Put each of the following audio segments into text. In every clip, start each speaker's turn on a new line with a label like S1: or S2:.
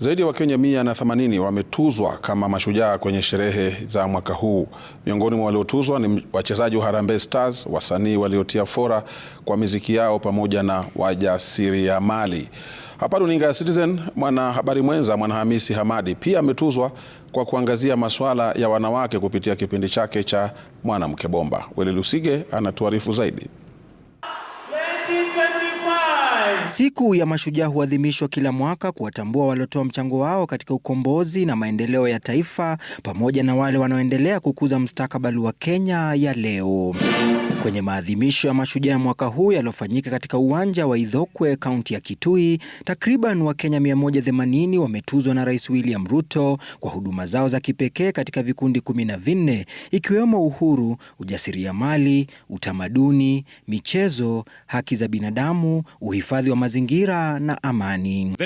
S1: Zaidi ya Wakenya mia na wametuzwa kama mashujaa kwenye sherehe za mwaka huu. Miongoni mwa waliotuzwa ni wachezaji wa Harambee Stars, wasanii waliotia fora kwa miziki yao pamoja na wajasiriamali. Hapa runinga ya Citizen, mwanahabari mwenza Mwanahamisi Hamadi pia ametuzwa kwa kuangazia masuala ya wanawake kupitia kipindi chake cha Mwanamke Bomba. Weli Lusige anatuarifu zaidi 20,
S2: 20. Siku ya Mashujaa huadhimishwa kila mwaka kuwatambua waliotoa mchango wao katika ukombozi na maendeleo ya taifa pamoja na wale wanaoendelea kukuza mustakabali wa Kenya ya leo. Kwenye maadhimisho ya Mashujaa ya mwaka huu yaliyofanyika katika uwanja wa Idhokwe, kaunti ya Kitui, takriban Wakenya 180 wametuzwa na Rais William Ruto kwa huduma zao za kipekee katika vikundi kumi na vinne ikiwemo uhuru, ujasiriamali, utamaduni, michezo, haki za binadamu, uhifadhi uhifadhi wa mazingira na amani.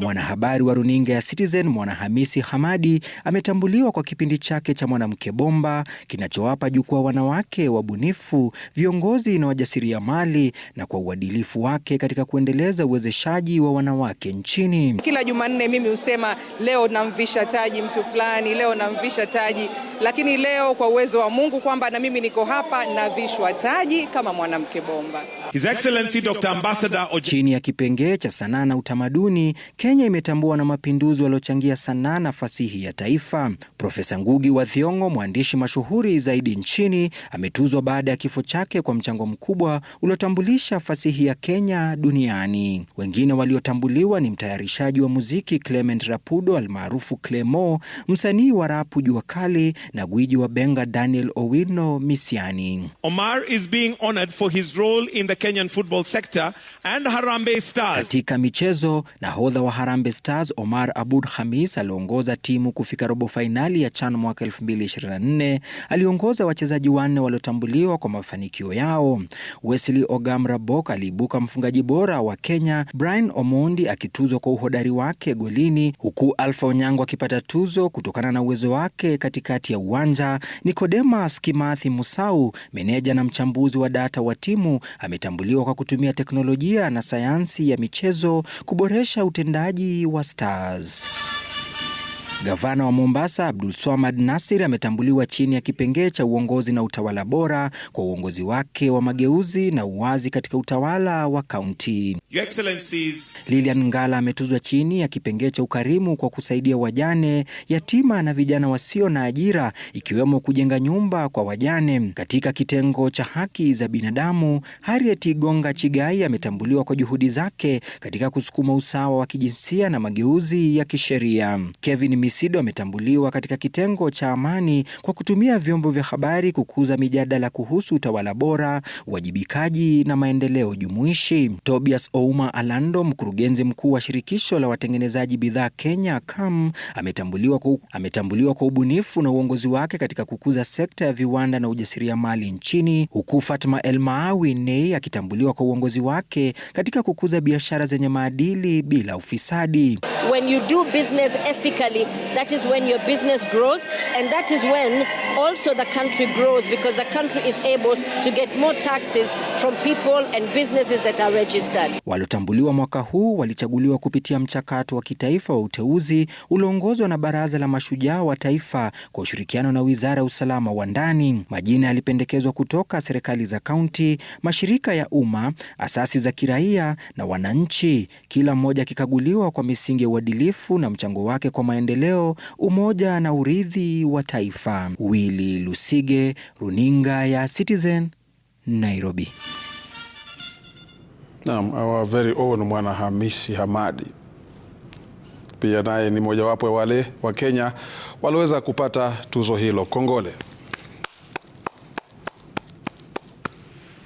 S2: Mwanahabari wa runinga ya Citizen Mwanahamisi Hamadi ametambuliwa kwa kipindi chake cha Mwanamke Bomba kinachowapa jukwaa wanawake wabunifu, viongozi na wajasiriamali na kwa uadilifu wake katika kuendeleza uwezeshaji wa wanawake nchini.
S3: Kila Jumanne mimi husema leo namvisha taji mtu fulani, leo namvisha taji, lakini leo kwa uwezo wa Mungu kwamba na mimi niko hapa navishwa taji kama mwanamke bomba. His Excellency
S2: Dr. Chini ya kipengee cha sanaa na utamaduni, Kenya imetambua na mapinduzi waliochangia sanaa na fasihi ya taifa. Profesa Ngugi wa Thiong'o, mwandishi mashuhuri zaidi nchini, ametuzwa baada ya kifo chake kwa mchango mkubwa uliotambulisha fasihi ya Kenya duniani. Wengine waliotambuliwa ni mtayarishaji wa muziki Clement Rapudo almaarufu Clemo, msanii wa rapu Jua Kali na gwiji wa Benga Daniel Owino Misiani. Omar is being honored for his role in the Kenyan football sector and Harambee Stars. Katika michezo, nahodha wa Harambee Stars Omar Abud Khamis aliongoza timu kufika robo fainali ya CHAN mwaka 2024. Aliongoza wachezaji wanne waliotambuliwa kwa mafanikio yao. Wesley Ogam Rabok aliibuka mfungaji bora wa Kenya, Brian Omondi akituzwa kwa uhodari wake golini, huku Alpha Onyango akipata tuzo kutokana na uwezo wake katikati ya uwanja. nikodemas Kimathi Musau, meneja na mchambuzi wa data wa timu, ametambuliwa kwa kutumia teknolojia teknolojia na sayansi ya michezo kuboresha utendaji wa Stars. Gavana wa Mombasa Abdul Swamad Nasir ametambuliwa chini ya kipengee cha uongozi na utawala bora kwa uongozi wake wa mageuzi na uwazi katika utawala wa kaunti. Lilian Ngala ametuzwa chini ya kipengee cha ukarimu kwa kusaidia wajane, yatima na vijana wasio na ajira, ikiwemo kujenga nyumba kwa wajane. Katika kitengo cha haki za binadamu, Harriet Igonga Chigai ametambuliwa kwa juhudi zake katika kusukuma usawa wa kijinsia na mageuzi ya kisheria. Kevin Isido ametambuliwa katika kitengo cha amani kwa kutumia vyombo vya habari kukuza mijadala kuhusu utawala bora, uwajibikaji na maendeleo jumuishi. Tobias Ouma Alando, mkurugenzi mkuu wa shirikisho la watengenezaji bidhaa Kenya KAM, ametambuliwa kwa, ametambuliwa kwa ubunifu na uongozi wake katika kukuza sekta ya viwanda na ujasiriamali nchini, huku Fatma El Maawi Nei akitambuliwa kwa uongozi wake katika kukuza biashara zenye maadili bila ufisadi. When you do business ethically, that is when your business grows, and that is when also the country grows because the country is able to get more taxes from people and businesses that are registered. Waliotambuliwa mwaka huu walichaguliwa kupitia mchakato wa kitaifa wa uteuzi ulioongozwa na Baraza la Mashujaa wa Taifa kwa ushirikiano na Wizara ya Usalama wa Ndani. Majina yalipendekezwa kutoka serikali za kaunti, mashirika ya umma, asasi za kiraia na wananchi, kila mmoja akikaguliwa kwa misingi uadilifu na mchango wake kwa maendeleo, umoja na urithi wa taifa. Willy Lusige, runinga ya Citizen, Nairobi.
S1: Naam, our very own Mwana Hamisi Hamadi pia naye ni mojawapo wale wa Kenya walioweza kupata tuzo hilo. Kongole.